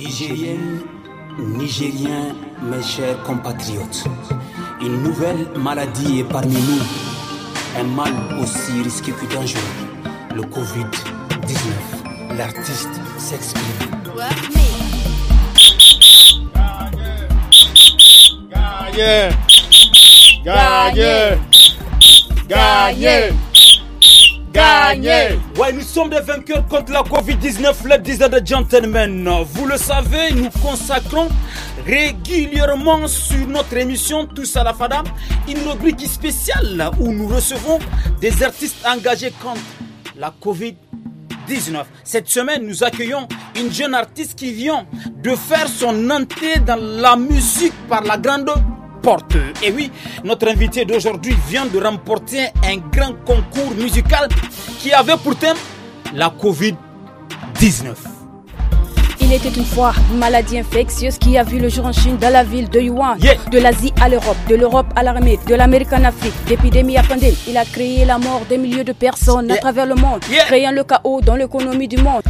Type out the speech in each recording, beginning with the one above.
Nigérien, Nigérien, mes chers compatriotes, une nouvelle maladie est parmi nous, un mal aussi risqué que dangereux, le Covid-19. L'artiste s'exprime. Gagné Gagné Ouais, nous sommes des vainqueurs contre la Covid-19, ladies and gentlemen. Vous le savez, nous consacrons régulièrement sur notre émission Tous à la Fadam une rubrique spéciale où nous recevons des artistes engagés contre la Covid-19. Cette semaine, nous accueillons une jeune artiste qui vient de faire son entrée dans la musique par la grande porte. Et oui, notre invité d'aujourd'hui vient de remporter un grand concours musical qui avait pour thème la Covid-19. Il était une fois une maladie infectieuse qui a vu le jour en Chine dans la ville de Yuan. De l'Asie à l'Europe, de l'Europe à l'armée, de l'Amérique en Afrique, d'épidémie à pandémie. Il a créé la mort des milliers de personnes à travers le monde, créant le chaos dans l'économie du monde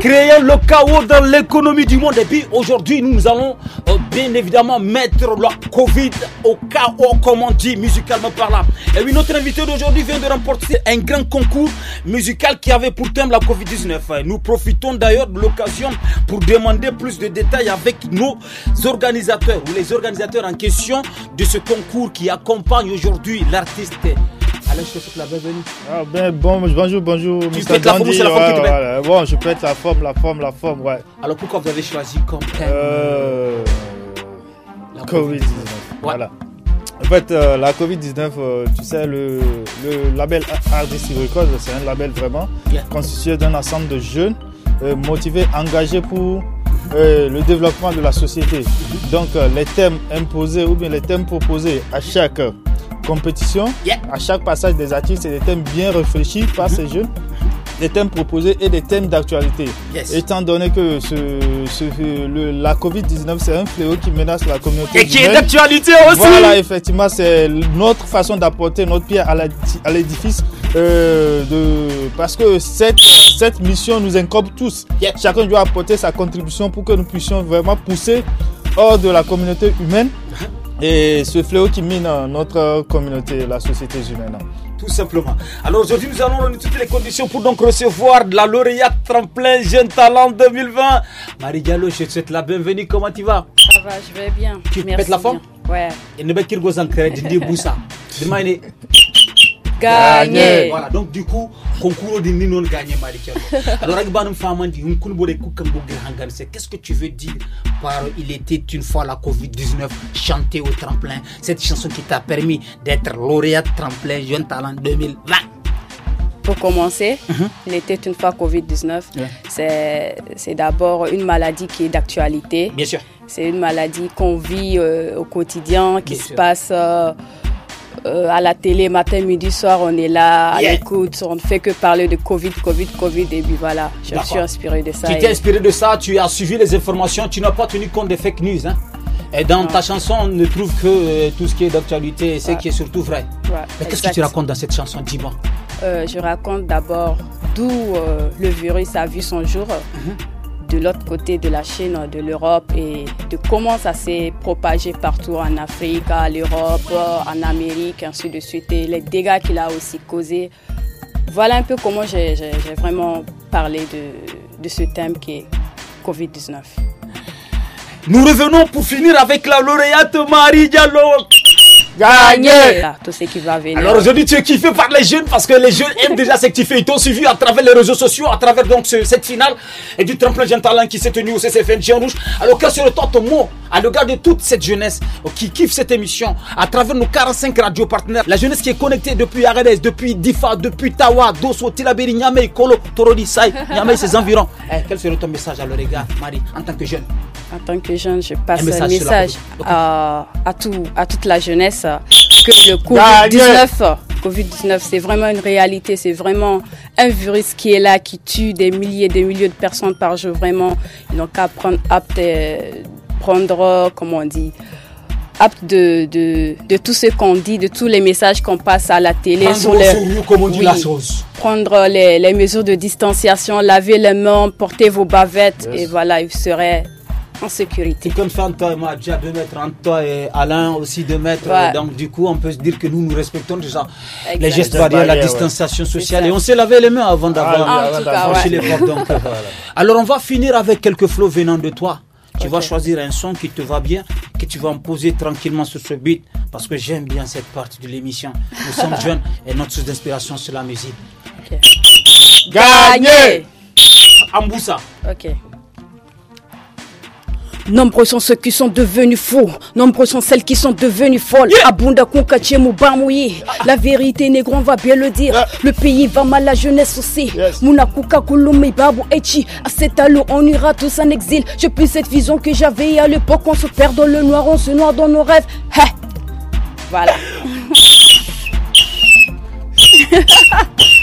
créer le chaos dans l'économie du monde. Et puis aujourd'hui, nous allons euh, bien évidemment mettre la Covid au chaos, comme on dit musicalement parlant. Et oui, notre invité d'aujourd'hui vient de remporter un grand concours musical qui avait pour thème la Covid-19. Nous profitons d'ailleurs de l'occasion pour demander plus de détails avec nos organisateurs ou les organisateurs en question de ce concours qui accompagne aujourd'hui l'artiste je la ah, ben, bon, bonjour, bonjour. monsieur Dandy bon, je être la forme, la forme, la forme, Alors pourquoi vous avez choisi comme thème euh, La Covid-19. Voilà. En fait, euh, la Covid-19, euh, tu sais, le, le label Artistic Records, c'est un label vraiment constitué d'un ensemble de jeunes motivés, engagés pour le développement de la société. Mm-hmm. Donc les thèmes imposés ou bien les thèmes proposés à chaque compétition. À chaque passage des artistes, c'est des thèmes bien réfléchis par mhm. ces jeunes, des thèmes proposés et des thèmes d'actualité. Étant donné que la Covid-19, c'est un fléau qui menace la communauté. Et qui est d'actualité aussi. Voilà, effectivement, c'est notre façon d'apporter notre pierre à l'édifice. Euh, parce que cette, cette mission nous incombe tous. Chacun doit apporter sa contribution pour que nous puissions vraiment pousser hors de la communauté humaine. Uh-huh et ce fléau qui mine notre communauté, la société humaine. Tout simplement. Alors aujourd'hui, nous allons donner toutes les conditions pour donc recevoir de la lauréate tremplin Jeune Talent 2020. Marie Diallo, je te souhaite la bienvenue. Comment tu vas Ça va, je vais bien. Tu pètes la forme Ouais. Et ne pas qu'il en crédit, Boussa. gagné. Voilà, donc du coup, concours de Ninon gagné Claire Alors, Famandi, dit, qu'est-ce que tu veux dire par Il était une fois la Covid-19 chantée au tremplin Cette chanson qui t'a permis d'être lauréat tremplin Jeune Talent 2020 pour commencer, mhm. il était une fois Covid-19. C'est d'abord une maladie qui est d'actualité. Bien sûr. C'est une maladie qu'on vit euh, au quotidien, qui se passe euh, euh, à la télé, matin, midi, soir, on est là, à l'écoute, on ne fait que parler de Covid, Covid, Covid, et puis voilà, je me suis inspiré de ça. Tu t'es inspiré de ça, tu as suivi les informations, tu n'as pas tenu compte des fake news. Hein? Et dans ta chanson, on ne trouve que euh, tout ce qui est d'actualité et ce qui est surtout vrai. Mais qu'est-ce que tu racontes dans cette chanson dis euh, je raconte d'abord d'où le virus a vu son jour. Mhm de l'autre côté de la Chine, de l'Europe et de comment ça s'est propagé partout en Afrique, à l'Europe, en Amérique, ainsi de suite, et les dégâts qu'il a aussi causés. Voilà un peu comment j'ai vraiment parlé de, de, ce thème qui est Covid-19. Nous revenons pour finir avec la lauréate Marie Diallo. Gagné ah, tout ce qui va Alors aujourd'hui, tu es kiffé par les jeunes parce que les jeunes aiment déjà ce fais Ils t'ont suivi à travers les réseaux sociaux, à travers donc cette finale et du tremplin Jeune Talent qui s'est tenu au CCFN Jean Rouge. Alors quel serait ton mot à l'égard de toute cette jeunesse euh, qui kiffe cette émission à travers nos 45 radios partenaires La jeunesse qui est connectée depuis Aranès, depuis Difa, depuis Tawa, Dosso, Tilaberi, Niamey, Kolo, Torodi, Sai, Niamey, ses environs. Eh, quel serait ton message à leur égard, Marie, en tant que jeune en tant que jeune, je passe un message, à, tout, à toute la jeunesse que le Covid-19, COVID-19 c'est vraiment une réalité, c'est vraiment un virus qui est là, qui tue des milliers et des milliers de personnes par jour. Vraiment, ils n'ont qu'à prendre, apte, euh, on dit, apte de, tout ce qu'on dit, de tous les messages qu'on passe à la télé. Prendre sur les, comme dit la Prendre les, mesures de distanciation, laver les mains, porter vos bavettes, et voilà, il serait en sécurité. en toi et moi, déjà 2 mètres entre toi et Alain aussi de mètres. Donc, du coup, on peut se dire que nous, nous respectons déjà les gestes barrières, la distanciation sociale. Et on s'est lavé les mains avant ah, d'avoir franchi les portes. Euh, Alors, on va finir avec quelques flots venant de toi. Tu vas choisir un son qui te va bien, que tu vas poser tranquillement sur ce beat, parce que j'aime bien cette partie de l'émission. Nous sommes jeunes et notre source d'inspiration, c'est la musique. Okay. Gagné Amboussa. Ok. Nombreux sont ceux qui sont devenus fous. Nombreux sont celles qui sont devenues folles. Yeah. La vérité, négro, on va bien le dire. Le pays va mal, la jeunesse aussi. Yes. Munakuka Kulumi Babu Echi. À cet allo, on ira tous en exil. Je plus cette vision que j'avais à l'époque. On se perd dans le noir, on se noie dans nos rêves. Voilà.